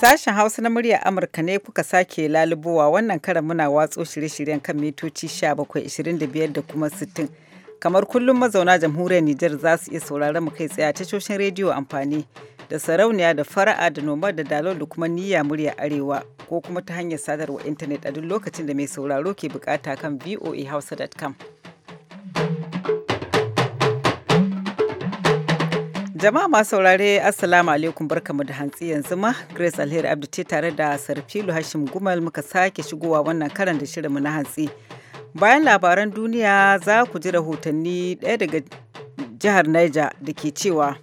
Sashen Hausa na muryar Amurka ne kuka sake lalubowa wannan karan muna watso shirye-shiryen kan mitoci 1725 da kuma 60. Kamar kullum mazauna jamhuriyar Nijar za su iya sauraron mu kai tsaye a tashoshin rediyo amfani da sarauniya da fara'a da noma da dalol da kuma niyya murya arewa ko kuma ta hanyar sadarwa intanet a duk lokacin da mai sauraro ke bukata kan voahausa.com. Jama'a masu saurare Assalamu alaikum barkamu da hantsi yanzu ma Grace Alheri Abdu ce tare da Sarfilu Hashim Gumal muka sake shigowa wannan karan da shirinmu na hantsi. Bayan labaran duniya za ku ji rahotanni ɗaya daga jihar Niger da ke cewa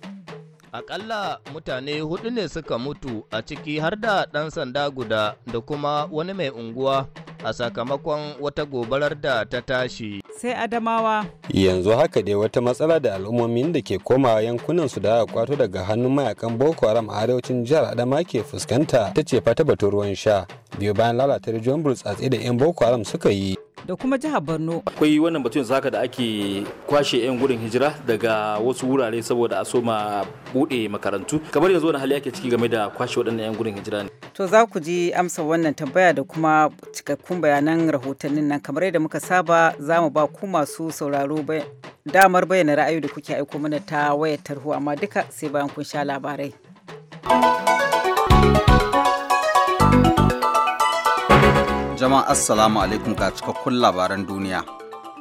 Akalla mutane hudu ne suka mutu a ciki har da ɗan sanda guda da kuma wani mai unguwa a sakamakon wata gobarar da ta tashi. sai Adamawa. Yanzu haka dai wata matsala da al'ummomin da ke komawa yankunan su da aka kwato daga hannun mayakan Boko Haram a arewacin jihar Adama ke fuskanta ta ce fata batun ruwan sha biyu bayan lalata rijiyon burtsatse da 'yan Boko Haram suka yi. da kuma jihar Borno. Akwai wannan batun zaka da ake kwashe 'yan gudun hijira daga wasu wurare saboda a soma bude makarantu. Kamar yanzu wani hali ake ciki game da kwashe waɗannan 'yan gudun hijira ne. To za ku ji amsa wannan tambaya da kuma cikakkun bayanan rahotannin nan kamar yadda muka saba za mu ba ku masu sauraro damar bayyana ra'ayi da kuke aiko mana ta wayar tarho amma duka sai bayan kun sha labarai. Jama'a Assalamu alaikum ga cikakkun labaran duniya.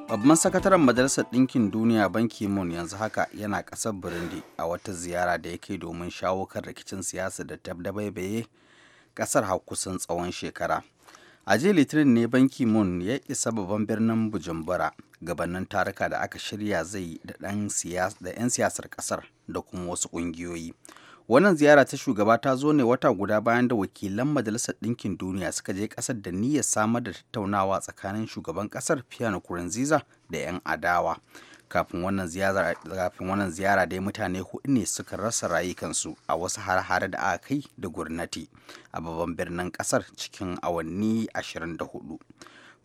Babban sakataren Majalisar Ɗinkin Duniya banki mun yanzu haka yana ƙasar Burundi a wata ziyara da ya kai domin shawo kan rikicin siyasa da dabaibaye ƙasar har kusan tsawon shekara. A jiya Litinin ne banki mun ya isa babban birnin Bujumbura gabanin taruka da aka shirya zai da 'yan siyasar ƙasar da kuma wasu ƙungiyoyi. Wannan ziyara ta shugaba ta zo ne wata guda bayan da wakilan Majalisar Ɗinkin Duniya suka je ƙasar da niyyar samar da tattaunawa tsakanin shugaban ƙasar piano Nkurunziza da 'yan adawa. Kafin wannan ziyara kafin wannan ziyara dai mutane hudu ne suka rasa rayukansu a wasu har-hare da aka kai da gwamnati a babban birnin ƙasar cikin awanni 24.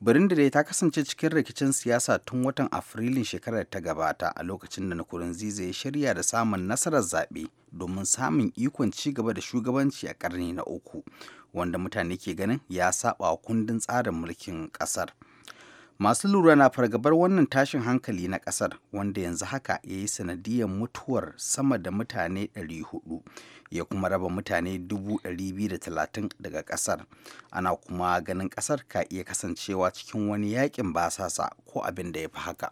Burundi dai ta kasance cikin rikicin siyasa tun watan Afrilun shekarar ta gabata a lokacin da Nkurunziza ya shirya da samun nasarar zaɓe domin samun ikon ci gaba da shugabanci a ƙarni na uku, wanda mutane ke ganin ya saɓa kundin tsarin mulkin ƙasar. masu lura na fargabar wannan tashin hankali na kasar wanda yanzu haka ya yi sanadiyar mutuwar sama da mutane 400 ya kuma raba mutane 230 daga kasar ana kuma ganin kasar ka iya kasancewa cikin wani yakin basasa ko abin da ya fi haka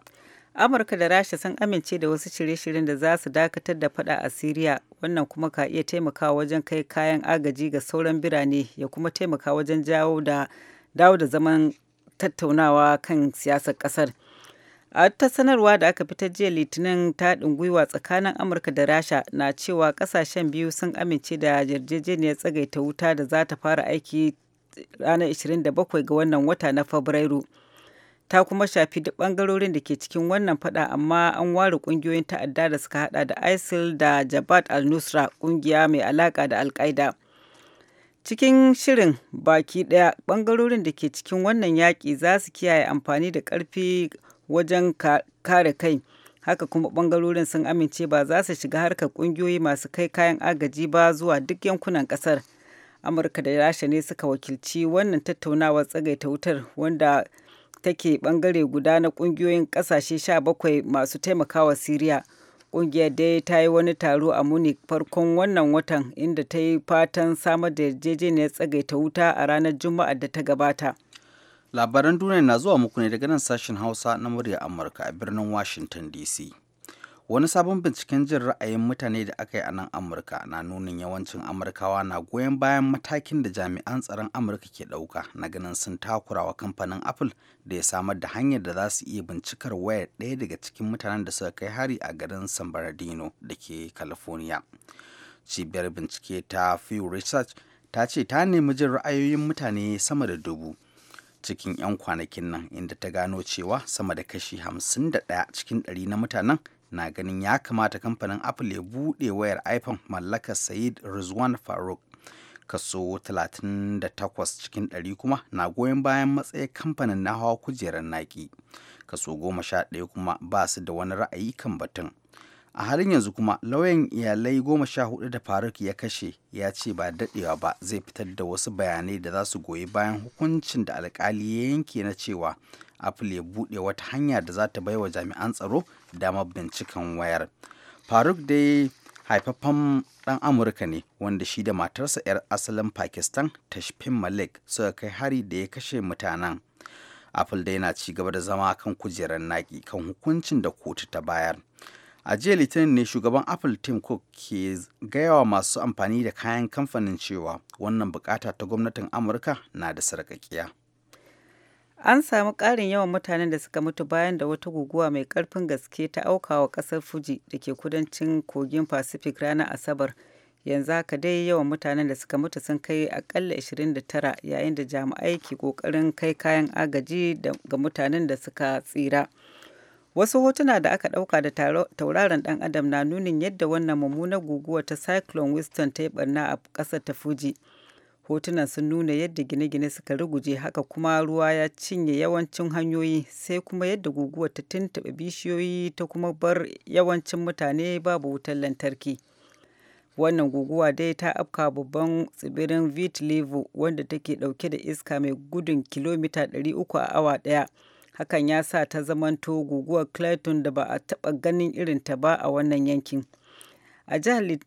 amurka da rasha sun amince da wasu shirye-shiryen da za su dakatar da fada a siriya wannan kuma ka iya taimakawa wajen kai kayan agaji ga sauran birane ya kuma taimaka wajen jawo da dawo da zaman tattaunawa kan siyasar ƙasar. a ta sanarwa da aka fitar jiya litinin taɗin gwiwa tsakanin amurka da rasha na cewa ƙasashen biyu sun amince da yarjejeniyar tsagaita wuta da za ta fara aiki ranar 27 ga wannan wata na fabrairu ta kuma shafi duk ɓangarorin da ke cikin wannan fada amma an ware ƙungiyoyin ta'adda da suka hada da isil da jabat al-nusra ƙungiya mai alaƙa da al-qaida. Cikin shirin baki ɗaya ɓangarorin da ke cikin wannan yaƙi za su kiyaye amfani da ƙarfi wajen kare kai. Haka kuma ɓangarorin sun amince ba za su shiga harkar ƙungiyoyi masu kai kayan agaji ba zuwa duk yankunan ƙasar. Amurka da Rasha ne suka wakilci wannan tattaunawar tsagaita wutar wanda take ɓangare guda na ƙungiyoyin ƙasashe 17 masu taimakawa Siriya. Ƙungiyar dai ta yi wani taro a Munich farkon wannan watan inda ta yi fatan samar da yarjejeniyar tsagaita wuta a ranar Juma'ar da ta gabata. Labaran duniya na zuwa muku ne daga nan sashen Hausa na murya Amurka a birnin Washington DC. Wani sabon binciken jin ra'ayin mutane da aka yi a nan Amurka na nunin yawancin Amurkawa na goyon bayan matakin da jami'an tsaron Amurka ke ɗauka na ganin sun takura wa kamfanin Apple da ya samar da hanyar da za su iya bincikar wayar ɗaya daga cikin mutanen da suka kai hari a garin San Bernardino da ke California. Cibiyar bincike ta Pew Research ta ce ta nemi jin ra'ayoyin mutane sama da dubu. cikin 'yan kwanakin nan inda ta gano cewa sama da kashi 51 cikin 100 na mutanen na ganin ya kamata kamfanin apple ya buɗe wayar iphone mallakar sayid rizwan faruk kaso 38 cikin 100 kuma na goyon bayan matsayin kamfanin na hawa kujerar naki kaso 11 kuma ba su da wani ra'ayi kan batun a halin yanzu kuma lauyan iyalai goma sha hudu da faruk ya kashe ya ce ba dadewa ba zai fitar da wasu bayanai da za su goyi bayan hukuncin da alkali ya yanke na cewa apple ya buɗe wata hanya da za ta baiwa jami'an tsaro damar binciken wayar faruk dai haifaffen ɗan amurka ne wanda shi da matarsa 'yar asalin pakistan tashfin malik suka kai hari da ya kashe mutanen apple dai na ci gaba da zama kan kujerar naki kan hukuncin da kotu ta bayar a jiya litinin ne shugaban apple tim cook ke gayawa masu amfani da kayan kamfanin cewa wannan bukata ta gwamnatin amurka na da sarƙaƙiya. An samu ƙarin yawan mutanen da suka mutu bayan da wata guguwa mai ƙarfin gaske ta auka wa ƙasar Fuji da ke kudancin kogin Pacific ranar Asabar. Yanzu haka dai yawan mutanen da suka mutu sun kai akalla 29 yayin da jami'ai ke ƙoƙarin kai kayan agaji ga mutanen da suka tsira. Wasu hotuna da aka ɗauka da tauraron ɗan adam na nunin yadda wannan mummunar guguwa ta Cyclone Winston ta yi barna a ƙasar ta Fuji. hotunan sun nuna yadda gine-gine suka ruguje haka kuma ruwa ya cinye yawancin hanyoyi sai kuma yadda guguwa ta tuntuɓe bishiyoyi ta kuma bar yawancin mutane babu wutar lantarki wannan guguwa dai ta afka babban tsibirin vitlevo wanda take dauke da iska mai gudun kilomita 300 a awa ɗaya hakan ya sa ta zamanto guguwar clayton da ba a taba ganin irinta ba a wannan yankin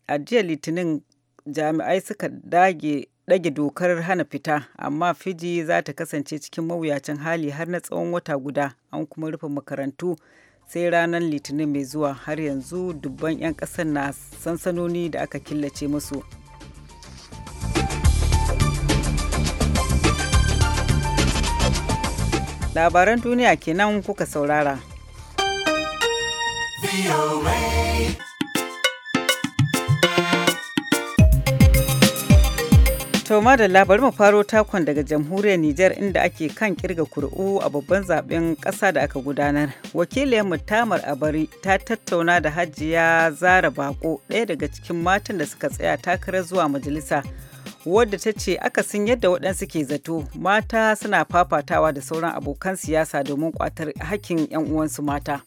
a jiya litinin jami'ai suka dage ɗage dokar hana fita amma fiji za ta kasance cikin mawuyacin hali har na tsawon wata guda an kuma rufe makarantu sai ranar litinin mai zuwa har yanzu dubban 'yan ƙasar na sansanoni da aka killace musu labaran duniya kenan kuka saurara. To da bari mu faro takon daga jamhuriyar Nijar inda ake kan kirga kuri'u a babban zaben kasa da aka gudanar. Wakiliyar Mutamar Abari ta tattauna da hajjiya Zara Bako ɗaya daga cikin matan da suka tsaya takarar zuwa majalisa. Wadda ta ce akasin yadda waɗansu ke zato mata suna fafatawa da sauran abokan siyasa domin kwatar hakkin 'yan uwansu mata.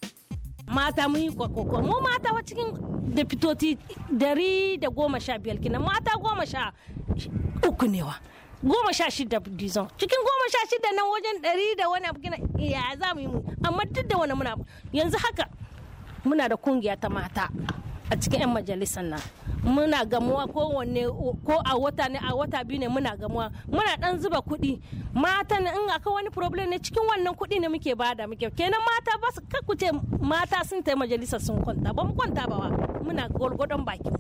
mata mun yi kwakwakwa mu mata wa cikin da fitoti dari da goma sha biyar kinan mata goma sha uku ne wa goma sha shida dizon cikin goma sha shida nan wajen ɗari da wani abu gina ya za mu yi mu amma duk da wani muna yanzu haka muna da kungiya ta mata a cikin 'yan majalisar nan muna gamuwa wanne ko a wata ne a wata biyu ne muna gamuwa muna dan zuba kuɗi mata in akwai wani problem ne cikin wannan kuɗi ne muke bada muke kenan mata ba su ce mata sun ta majalisar sun kwanta ba mu kwanta ba wa muna gwalgwadon baki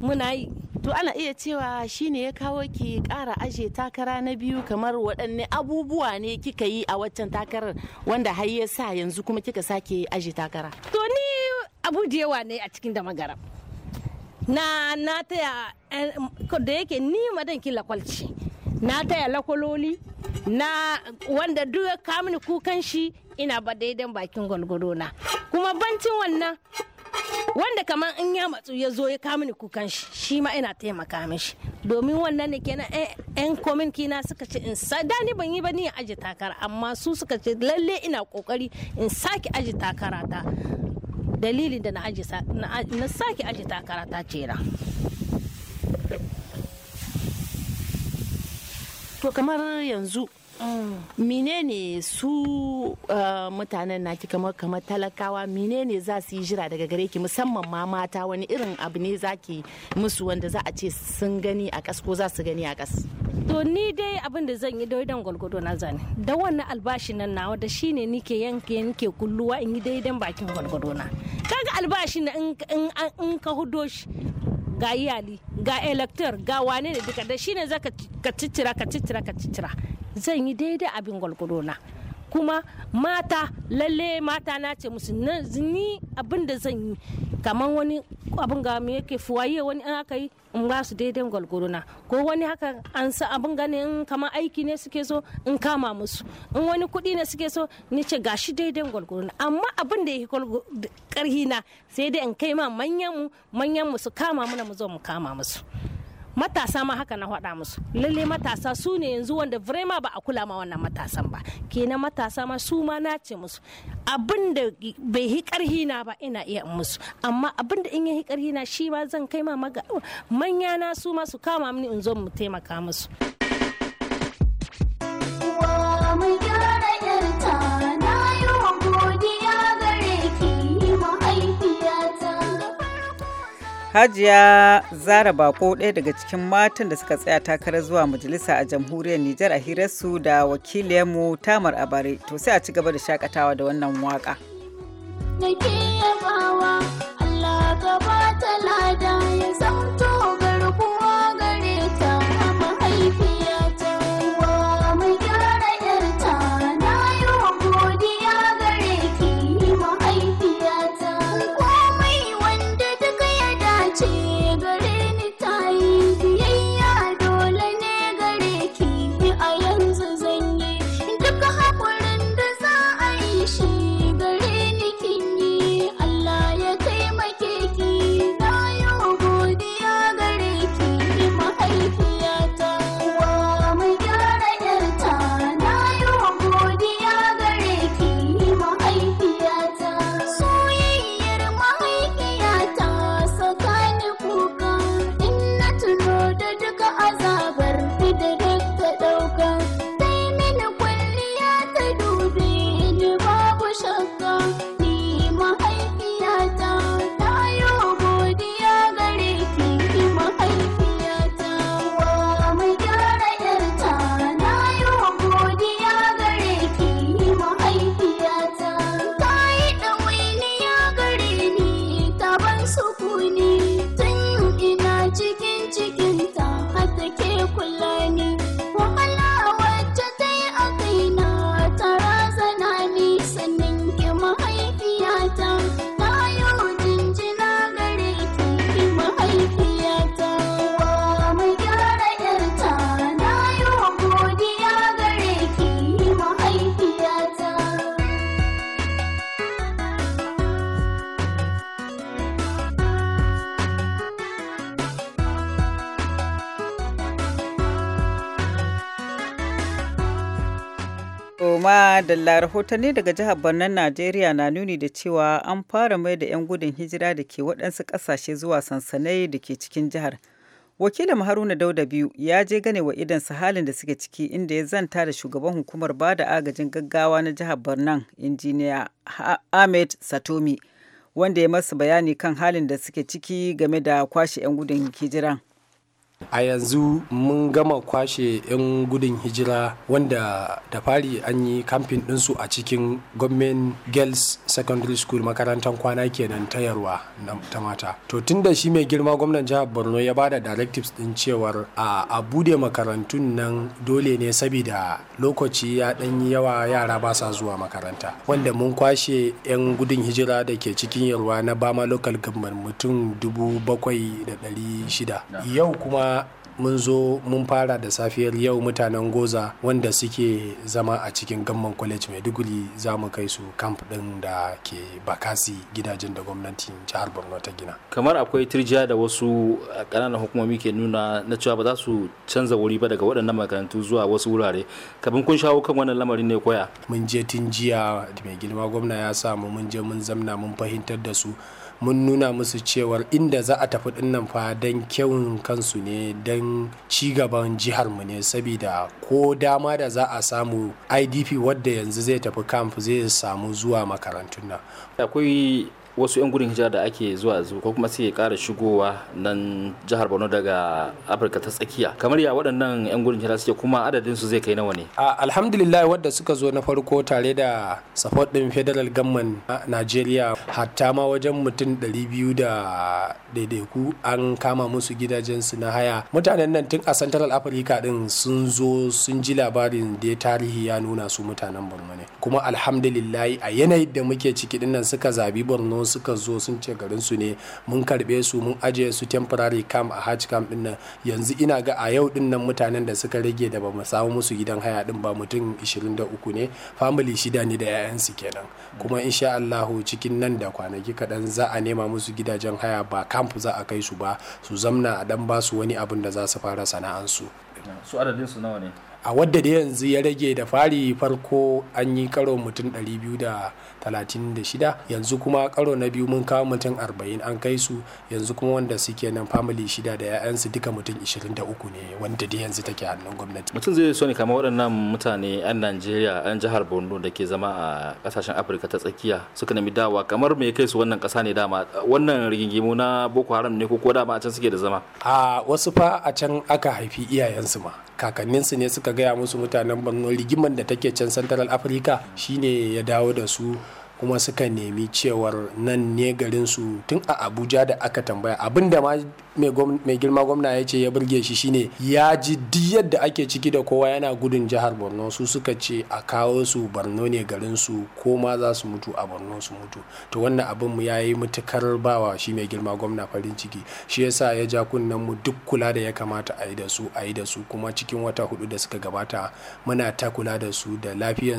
muna yi to ana iya cewa shine ya kawo ki kara aje takara na biyu kamar waɗanne abubuwa ne kika yi a waccan takarar wanda har ya sa yanzu kuma kika sake aje takara to ni abu da yawa ne a cikin damagaram na na taya da yake ni madan ki lakwalci na taya lakwaloli na wanda duk ya kamuni kukan shi ina ba daidan bakin gwalgwado na kuma bancin wannan wanda kamar in ya matsu ya zo ya kama ni kukan shi shi ma ina taimaka mishi domin wannan ne kenan yan eh, kominki na suka ce in sa ni ban yi ba ni aji takara amma su suka ce lalle ina kokari in sake aji takara ta dalilin da na aji sake aji takara ta ce to kamar yanzu menene su uh, mutanen naki kamar kamar talakawa menene za su yi jira daga gare ki musamman ma mata wani irin abu ne za ki musu wanda za a ce sun gani a ko za su gani a kas to ni dai abin da zan yi daidan gwalgwado na zane da wannan albashin nan nawa da shine nike yanke nike kulluwa in yi daidan bakin gwalgwado na kaga albashin in ka hudo shi ga iyali ga elector ga wane ne duka da shine zaka ka cicira ka cicira ka zan yi daidai abin gwalgwado na kuma mata lalle mata na ce musu ni abin da zan yi kamar wani abin ga me yake fuwaye wani an aka yi in ba su daidai gwalgwado na ko wani haka an sa abin gane in kamar aiki ne suke so in kama musu in wani kuɗi ne suke so ni ce gashi daidai gwalgwado na amma abin da yake karhi na sai dai in kai ma manyan mu manyan mu su kama mana mu zo mu kama musu matasa ma haka na faɗa musu lalle matasa su ne yanzu wanda vrema ba a kula ma wannan matasan ba kenan matasa ma su ma na ce musu abinda bai hi karhi na ba ina iya musu amma abinda in yi karhi na shi ma zan kai ma manya na su ma su kama mini in zo mu taimaka musu Hajiya Zara Bako ɗaya daga cikin matan da suka tsaya takarar zuwa majalisa a jamhuriyar Nijar a hirarsu da wakilinmu Tamar Abare. To sai a ci gaba da shakatawa da wannan waka. Allah madalla rahotanni daga jihar Barnan Najeriya na nuni da cewa an fara mai da 'yan gudun hijira da ke waɗansu ƙasashe zuwa sansanai da ke cikin jihar. Wakilin Haruna Dauda biyu ya je gane wa idansa halin da suke ciki inda ya zanta da shugaban hukumar ba da agajin gaggawa na jihar Barnan, injiniya Ahmed Satomi, wanda ya masa bayani kan halin da suke ciki game da kwashe 'yan gudun hijiran. a yanzu mun gama kwashe 'yan gudun hijira wanda da fari an yi kamfin ɗinsu a cikin government girls secondary school makarantar kwana kenan ta yarwa ta mata to tun da shi mai girma gwamnan jihar borno ya bada directives din cewar a, a bude makarantun nan dole ne saboda lokaci ya ɗan yi yawa yara ba sa zuwa makaranta wanda mun kwashe 'yan gudun hijira da ke cikin yarwa na bama local government mutum dubu bakwai da ɗari shida yau kuma mun zo mun fara da safiyar yau mutanen goza wanda suke zama a cikin gamman college maiduguri za mu kai su camp ɗin da ke bakasi gidajen da gwamnati jihar borno ta gina kamar akwai tirjiya da wasu ƙananan hukumomi ke nuna na cewa ba za su canza wuri ba daga waɗannan makarantu zuwa wasu wurare kafin kun shawo kan wannan lamarin ne koya mun je tun jiya mai girma gwamna ya samu mun je mun zamna mun fahimtar da su mun nuna musu cewar inda za a tafi dinnan fa don kyawun kansu ne don cigaban mu ne saboda ko dama da za a samu idp wadda yanzu zai tafi camp zai samu zuwa makarantun nan akwai wasu 'yan gudun hijira da ake zuwa zuwa ko kuma suke kara shigowa nan jihar borno daga afirka ta tsakiya kamar ya waɗannan 'yan gudun hijira suke kuma adadin su zai kai nawa ne alhamdulillah wadda suka zo na farko tare da support din federal government na nigeria hatta ma wajen mutum 200 da daidaiku an kama musu gidajen su na haya mutanen nan tun a central africa din sun zo sun ji labarin da tarihi ya nuna su mutanen borno ne kuma alhamdulillah a yanayin da muke ciki dinnan suka zabi borno nan suka zo sun ce garin su ne mun karbe su mun ajiye su temporary camp a hajj camp din nan yanzu ina ga a yau din nan mutanen da suka rage da ba mu samu musu gidan haya din ba mutum 23 ne family shida ne da yayan su kenan kuma insha Allahu cikin nan da kwanaki kaɗan za a nema musu gidajen haya ba camp za a kai su ba su zamna a dan ba su wani abin da za su fara sana'ansu su adadin su nawa ne a wadda da yanzu ya rage da fari farko an yi karo mutum 236 yanzu kuma karo na biyu mun kawo mutum 40 an kai su yanzu kuma wanda suke nan family shida da 'ya'yansu duka mutum 23 ne wanda da yanzu take hannun gwamnati mutum zai so ne kama waɗannan mutane 'yan najeriya 'yan jihar borno da ke zama a ƙasashen afirka ta tsakiya suka nemi dawa kamar mai kai su wannan ƙasa ne dama wannan rigingimu na boko haram ne ko ko dama a can suke da zama a wasu fa a can aka haifi iyayensu ma kakanninsu ne suka gaya musu mutanen borno rigimar da take can central africa shine ya dawo da su kuma suka nemi cewar nan ne garinsu tun a abuja da aka tambaya abinda ma mai girma gwamna ya ce ya burge shi shine ya ji duk yadda ake ciki da kowa yana gudun jihar borno su suka ce a kawo su borno ne garinsu su ko ma za su mutu a borno su mutu to wannan abin mu ya yi matukar bawa shi mai girma gwamna farin ciki shi yasa ya ja kunnen mu duk kula da ya kamata a yi da su a yi da su kuma cikin wata hudu da suka gabata muna ta kula da su da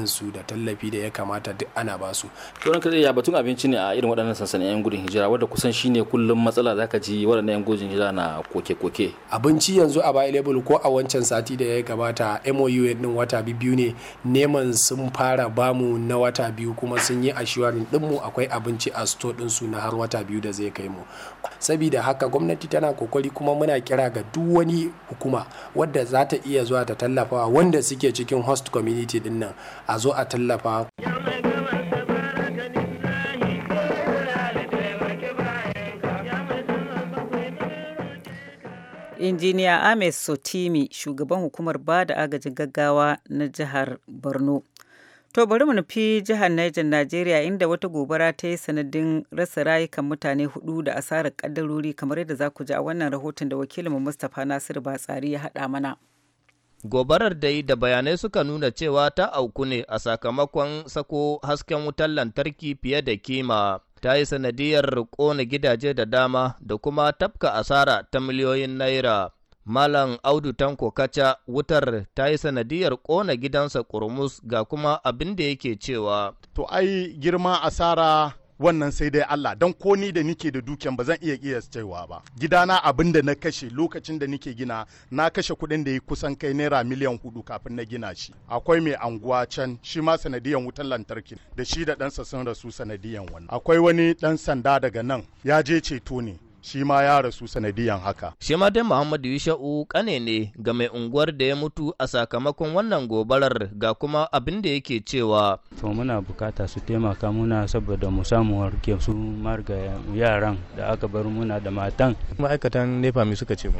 su da tallafi da ya kamata duk ana ba su tunan kaɗai ya batun abinci ne a irin waɗannan sansanin 'yan gudun hijira wadda kusan shi ne kullum matsala za ka ji waɗannan 'yan gudun hijira na koke-koke abinci yanzu a available ko a wancan sati da ya gabata mou ɗin wata biyu ne neman sun fara bamu na wata biyu kuma sun yi ashiwarin ɗinmu akwai abinci a sto su na har wata biyu da zai kai mu sabida haka gwamnati tana kokari kuma muna kira ga duk wani hukuma wadda za ta iya zuwa ta tallafa wanda suke cikin host community ɗinnan nan a zo a tallafa. injiniya ahmed sotimi shugaban hukumar ba da agajin gaggawa na jihar borno to bari mu nufi jihar niger najeriya inda wata gobara ta yi sanadin rasa rayukan mutane hudu da asarar kaddarori kamar yadda za ku ji a wannan rahoton da wakilinmu mustapha nasiru batsari ya haɗa mana Gobarar dai da bayanai suka nuna cewa ta auku ne a sakamakon sako hasken wutar lantarki fiye da kima ta yi sanadiyar ƙona gidaje da dama da kuma tafka asara ta miliyoyin naira. Malam Audu Tanko kaca wutar ta yi sanadiyar ƙona gidansa ƙurmus ga kuma abin da yake cewa. To ai girma asara wannan sai dai Allah don ko ni da nike da dukiyan ba zan iya cewa ba gidana abin da na kashe lokacin da nike gina na kashe kuɗin da ya kusan kai naira miliyan hudu kafin na gina shi akwai mai anguwa can shi ma sanadiyan wutan lantarki da shi da ɗansa sun rasu sanadiyan wani akwai wani ɗan sanda daga nan ya je ceto ne shi ma ya rasu sanadiyan haka. Shi dai Muhammadu Yusha'u kane ne ga mai unguwar da ya mutu a sakamakon wannan gobarar ga kuma abin da yake cewa. To muna bukata su taimaka muna saboda mu samu warke su marga yaran da aka bar muna da matan. Ma'aikatan nefa mai suka ce mu?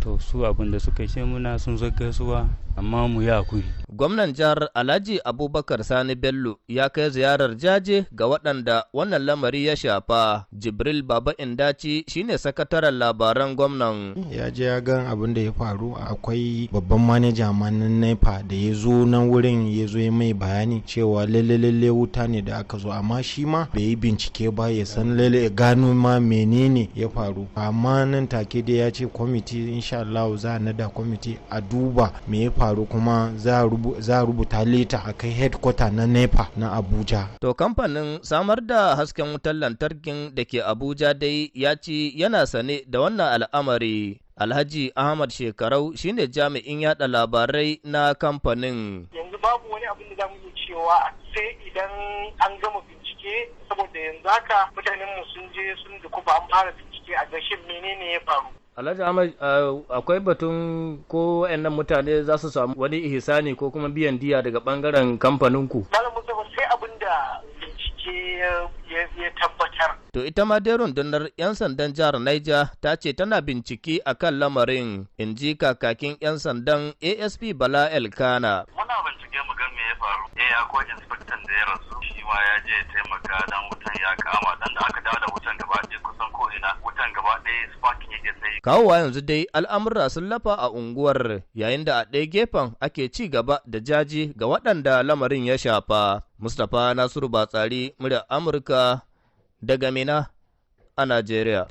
To su abin da suka ce muna sun zo gaisuwa amma mu ya kuri. Gwamnan jihar Alhaji Abubakar Sani Bello ya kai ziyarar jaje ga waɗanda wannan lamari ya shafa. Jibril Baba Indaci shine sakataren labaran gwamnan. Ya je ya gan abin da ya faru akwai babban manaja ma na NEPA da ya zo nan wurin ya zo ya mai bayani cewa lalle lalle wuta ne da aka zo amma shi ma bai yi bincike ba ya san lalle gano ma menene ya faru. Amma nan take da ya ce kwamiti insha Allah za a nada kwamiti a duba me ya faru kuma za a za a rubuta leta a kai headquarter na nepa na abuja to kamfanin samar da hasken wutar lantarkin da ke abuja dai ya ci yana sane da wannan al'amari Alhaji Ahmad Shekarau shine jami'in yada labarai na kamfanin. Yanzu babu wani abin da za mu cewa sai idan an gama bincike saboda yanzu haka mutanen mu sun je sun duku ba an fara bincike a gashin menene ya faru. Alhaji Ahmad akwai batun ko nan mutane za su samu wani ihsani ko kuma biyan diya daga bangaren kamfaninku. Malam Mustapha sai abin da bincike ya tabbatar. To ita ma dai rundunar 'yan sandan jihar Niger ta ce tana bincike kan lamarin in ji kakakin 'yan sandan ASP Bala Elkana. Muna bincike mu gan me ya faru. Eh akwai inspector da ya rasu shi ma ya je taimaka dan wutan ya kama dan da aka dawo kawowa yanzu dai al'amura sun lafa a unguwar yayin da a ɗaya gefen ake ci gaba da jaji ga waɗanda lamarin ya shafa mustapha nasiru batsari murya amurka daga mina a najeriya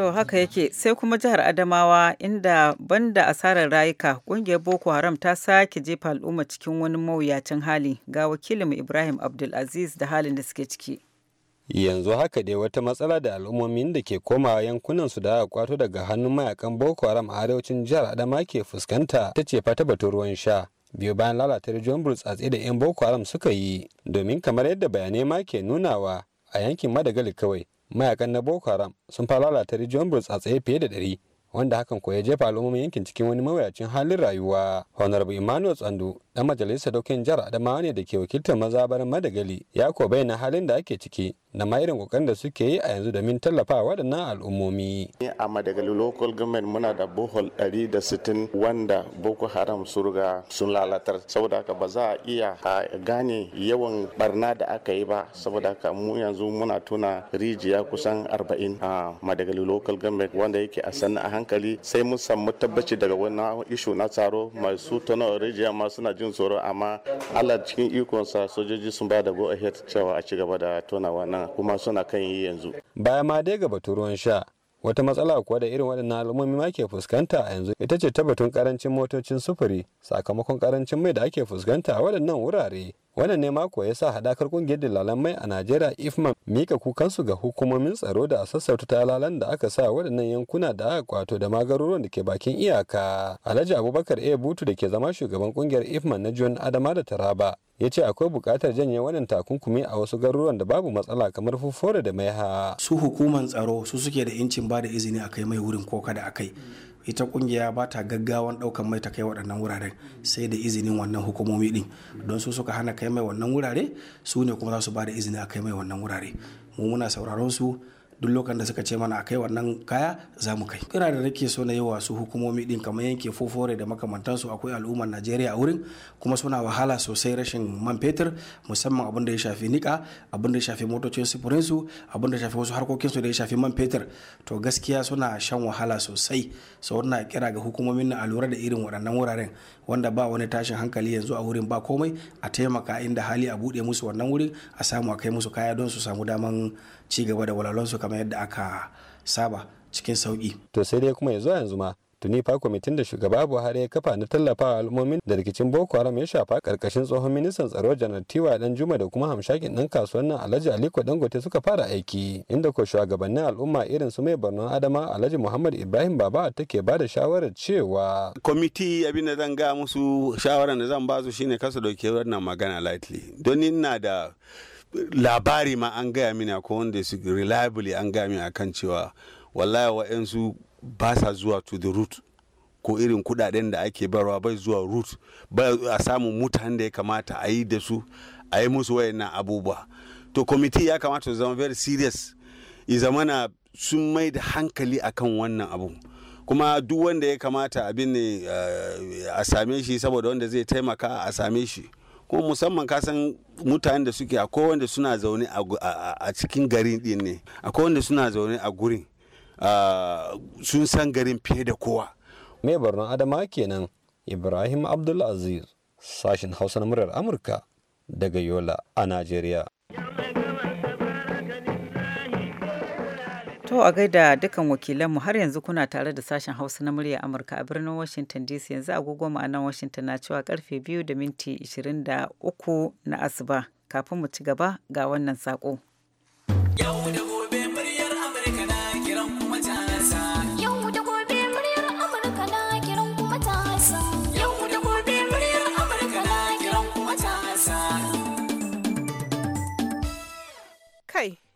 To haka yake sai kuma jihar Adamawa inda banda asarar rayuka ƙungiyar Boko Haram ta sake jefa al'umma cikin wani mawuyacin hali ga wakilin Ibrahim Abdulaziz da halin da suke ciki. yanzu haka dai wata matsala da al'ummomin da ke komawa yankunan su da aka kwato daga hannun mayakan boko haram a arewacin jihar adama ke fuskanta ta ce fata batun ruwan sha biyu bayan lalata rijiyon burtsatse da 'yan boko haram suka yi domin kamar yadda bayanai ma ke nunawa a yankin madagali kawai mayakan na boko haram sun fa lalata rijiyon tsaye fiye da ɗari wanda hakan ko ya jefa al'ummomin yankin cikin wani mawuyacin halin rayuwa honorable emmanuel tsandu ɗan majalisar dokin jihar adamawa ne da ke wakiltar maza barin madagali ya ko bayyana halin da ake ciki da ma irin kokarin da suke yi a yanzu domin tallafa waɗannan al'ummomi. a madagali local government muna da bohol 160 wanda boko haram surga sun lalatar saboda haka ba za a iya gane yawan barna da aka yi ba saboda haka mu yanzu muna tuna rijiya kusan 40 a madagali local government wanda yake a sannu a hankali sai mun samu tabbaci daga wannan ishu na tsaro masu tono rijiya ma suna jin tsoro amma allah cikin ikonsa sojoji sun ba da go ahead cewa a ci gaba da tona wannan nan kuma suna kan yi yanzu baya ma dai ga batun ruwan sha wata matsala kuwa da irin waɗannan al'ummomi ma ke fuskanta a yanzu ita ce tabbatun karancin motocin sufuri sakamakon karancin mai da ake fuskanta a waɗannan wurare wannan ne mako ya sa hadakar kungiyar dillalan mai a najeriya ifman mika kukansu ga hukumomin tsaro da a sassauta talalan da aka sa waɗannan yankuna da aka kwato da magarurun da ke bakin iyaka alhaji abubakar a butu da ke zama shugaban kungiyar ifman na john adama da taraba ya ce akwai buƙatar janye wannan takunkumi a wasu garuruwan da babu matsala kamar fufore da maiha su hukuman tsaro su suke da incin ba da izini a kai mai wurin ko kada akai ita kungiya ba ta gaggawan daukan mai ta kai waɗannan wuraren sai da izinin wannan hukumomi din don su suka hana kai mai wannan wurare su ne kuma za su ba da izini a kai mai wannan wurare mu muna sauraron su duk lokacin da suka ce mana a kai wannan kaya za mu kai kira da nake so na yi wasu hukumomi din kamar yanke fofore da makamantansu akwai al'ummar najeriya a wurin kuma suna wahala sosai rashin man fetur musamman abin da ya shafi nika abin da ya shafi motocin sufurin su abin da ya shafi wasu harkokin su da ya shafi man fetur to gaskiya suna shan wahala sosai sau na kira ga hukumomin na alura da irin waɗannan wuraren wanda ba wani tashin hankali yanzu a wurin ba komai a taimaka inda hali a buɗe musu wannan wurin a samu a kai musu kaya don su samu daman ci gaba da walwalansu kamar yadda aka saba cikin sauki. To sai dai kuma ya zuwa yanzu ma tuni fa kwamitin da shugaba buhari ya kafa na tallafawa al'ummomin da rikicin boko haram ya shafa karkashin tsohon ministan tsaro janar tiwa dan juma da kuma hamshakin dan kasuwan nan alhaji aliko dangote suka fara aiki inda ko shugabannin al'umma irin su mai barnon adama alhaji muhammad ibrahim baba take ba da shawarar cewa kwamiti abin da zan ga musu shawarar da zan ba su shine kasa dauke wannan magana lightly don ina da labari ma an gaya mini akwai wanda su reliably an gaya mini akan cewa wallahi wa'yansu ba sa zuwa to the root ko irin kudaden da ake barwa bai zuwa root ba a samun mutanen da ya kamata a yi da su a yi musu wayannan abubuwa to committee ya kamata su zama very serious i zamana sun mai da hankali akan wannan abu kuma duk wanda ya kamata abin ne eh, a same shi saboda wanda zai taimaka a same shi ko musamman ka san mutanen da suke akwai wanda suna zaune a cikin garin din ne akwai wanda suna zaune a gurin sun san garin fiye da kowa mai barnon adama kenan ibrahim abdulaziz sashin hausa na murar amurka daga yola a najeriya To a gaida dukkan wakilanmu har yanzu kuna tare da sashen Hausa na murya Amurka a birnin Washington DC yanzu agogo ma'anan Washington na cewa karfe biyu da minti 23 na asuba. Kafin mu ci gaba ga wannan sako. Yau da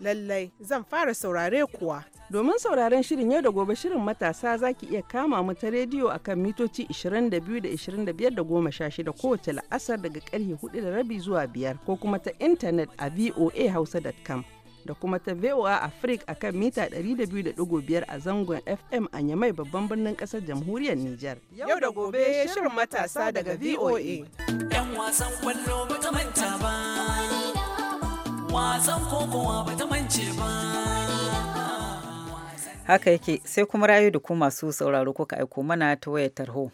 Lallai zan fara saurare kuwa. Domin sauraren shirin yau da gobe shirin matasa za ki iya kama mu ta rediyo a kan mitoci 22 da 25 16 kowace la'asar daga karfe 4 da rabi zuwa biyar ko kuma ta intanet a voahausa.com. da kuma ta VOA Africa kan mita 200.5 a zangon FM a Yamai babban birnin kasar jamhuriyar Nijar. Yau da gobe shirin matasa daga VOA. 'Yan wasan kwallo ba manta ba. wasan kokowa ba ta ba haka yake sai kuma rayu da ku masu sauraro kuka aiko mana ta wayar tarho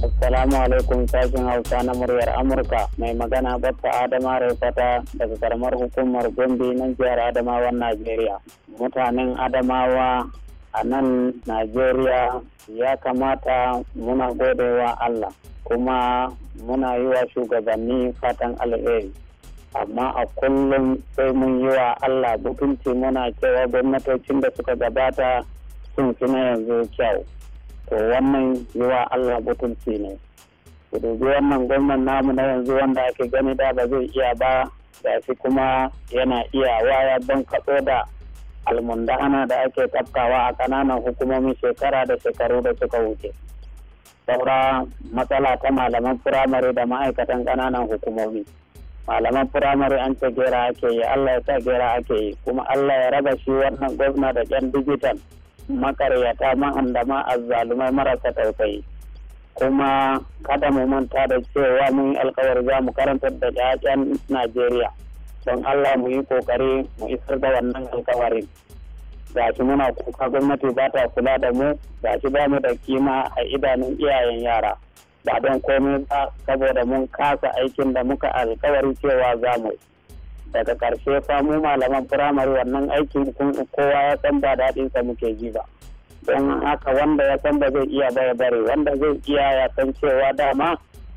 Assalamu alaikum sashen Hausa na muryar Amurka mai magana Batta Adama Rufata daga karamar hukumar Gombe na jihar Adamawan Najeriya. Mutanen Adamawa a nan Najeriya ya kamata muna godewa Allah kuma muna yi wa shugabanni fatan alheri amma a kullum sai mun yi wa Allah bukunci muna cewa gwamnatocin da suka gabata sun fi na yanzu kyau to wannan yi wa Allah bukunci ne ku dubi wannan gwamnan namu na yanzu wanda ake gani da ba zai iya ba da shi kuma yana iya waya don kaɗo da almundahana da ake tsaftawa a kananan hukumomi shekara da shekaru da suka wuce saura matsala ta malaman firamare da ma'aikatan kananan hukumomi malaman firamare an ce gera ake yi allah ya sa gera ake yi kuma allah ya raba shi wannan gwamna da yan digital makaryata ma'anda ma azzalumai marasa tausayi kuma kada mu manta da cewa mun alkawar za mu karanta da 'ya'yan najeriya don allah mu yi kokari mu isar da wannan alkawarin ga shi muna kuka gwamnati ba ta kula da mu ga shi ba mu da kima a idanun iyayen yara ba don komai ba saboda mun kasa aikin da muka alkawari cewa za mu daga karshe fa mu malaman firamare wannan aikin kowa ya san ba daɗinsa muke ji ba don haka wanda ya san ba zai iya ba ya wanda zai iya ya san cewa dama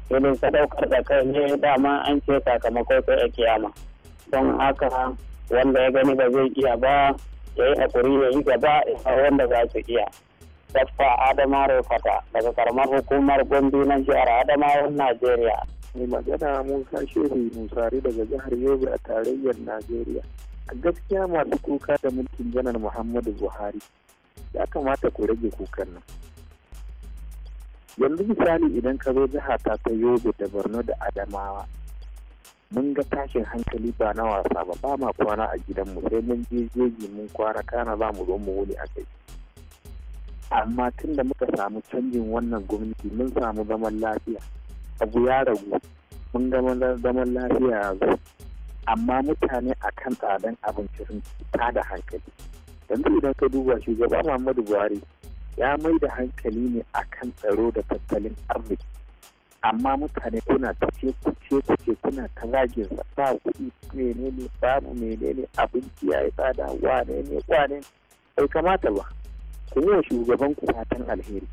ilin sadaukar da kai ne dama an ce sakamako sai a kiyama. don haka wanda ya gani ba zai iya ba ya yi hakuri ya yi gaba ya wanda za su iya Baffa Adama fata daga karamar hukumar Gombe na jihar Adamawa Najeriya. Mai magana Musa Shehu Musari daga jihar Yobe a tarayyar Najeriya. A gaskiya masu kuka da mulkin janar Muhammadu Buhari ya kamata ku rage kukan nan. Yanzu misali idan ka zo jiha ta ta Yobe da Borno da Adamawa mun ga tashin hankali ba na wasa ba ba ma kwana a gidanmu sai mun je jeji mun kwana kana za mu zo mu wuni a kai amma tun da muka samu canjin wannan gwamnati mun samu zaman lafiya abu ya ragu mun gama zaman lafiya zo. amma mutane a kan tsadan abinci sun da hankali yanzu idan ka duba shugaba muhammadu buhari ya mai da hankali ne akan tsaro da tattalin arziki amma mutane kuna ta ce kuce kuce kuna ta rage ba kuɗi menene babu menene abinci ya yi tsada wane ne wane bai kamata ba ku yi wa shugabanku fatan alheri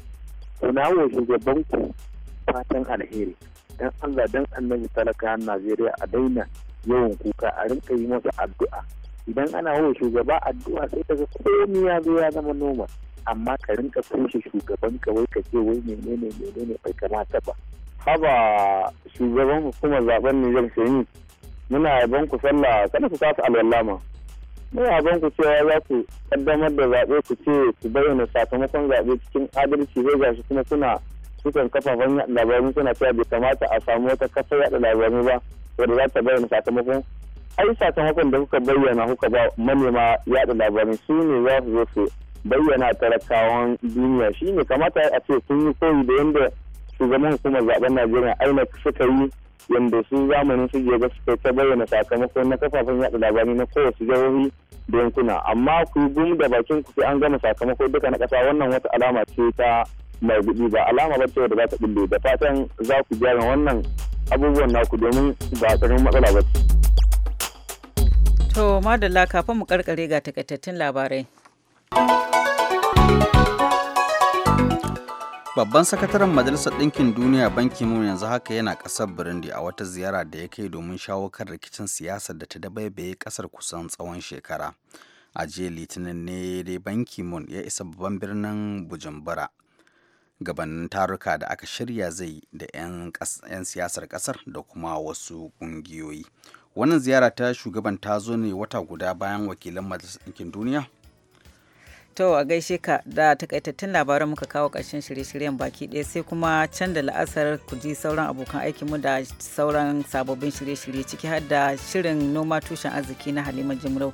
ku na wa shugabanku fatan alheri dan Allah dan annabi talaka Najeriya a daina yawan kuka a rinka yi masa addu'a idan ana wa shugaba addu'a sai ga komai ya zo ya zama noma amma ka rinka kushe shugaban ka wai ka ce wai menene menene bai kamata ba haba shugaban hukumar zaben Nijar Shehi muna yabon ku sallah kada ku kasa alwallama muna yabon ku cewa za ku kaddamar da zaɓe ku ce ku bayyana sakamakon zaɓe cikin adalci zai gashi kuma kuna sukan kafafen labarai suna cewa bai kamata a samu wata kafa yaɗa labarai ba wadda za ta bayyana sakamakon ai sakamakon da kuka bayyana kuka ba manema yaɗa labarai su ne za su zo su bayyana talakawan duniya shine kamata a ce sun yi koyi da yanda zama hukumar zaben najeriya inec suka yi yadda su zamanin su je kai ta bayyana sakamakon na kafafen yada labarai na kowace jihohi da yankuna amma ku gumi da bakin ku sai an gama sakamako duka na kasa wannan wata alama ce ta mai gudi ba alama ba ce da za ta bulle da fatan za ku gyara wannan abubuwan naku domin ba tsarin matsala ba ce. To madalla kafin mu karkare ga takaitattun labarai. Babban sakataren Majalisar Ɗinkin Duniya banki mun yanzu haka yana ƙasar Burundi a wata ziyara da ya kai domin shawo kan rikicin siyasar da ta dabaibaye ƙasar kusan tsawon shekara. A jiya Litinin ne dai banki mun ya isa babban birnin Bujumbura. Gabanin taruka da aka shirya zai da 'yan siyasar ƙasar da kuma wasu ƙungiyoyi. Wannan ziyara ta shugaban ta zo ne wata guda bayan wakilan Majalisar Ɗinkin Duniya To a gaishe ka da takaitattun labaran muka kawo ƙarshen shirye-shiryen baki ɗaya sai kuma can da la'asar ku ji sauran abokan mu da sauran sababbin shirye-shirye ciki har da shirin noma tushen arziki na Halima Jimrau.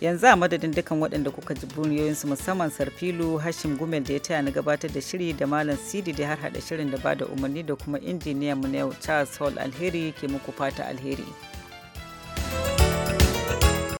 Yanzu a madadin dukkan waɗanda kuka ji buriyoyinsu musamman Sarfilu Hashim Gumel da ya taya na gabatar da shiri da Malam Sidi da har haɗa shirin da ba da umarni da kuma injiniyan mu na yau Charles Hall Alheri ke muku fata alheri.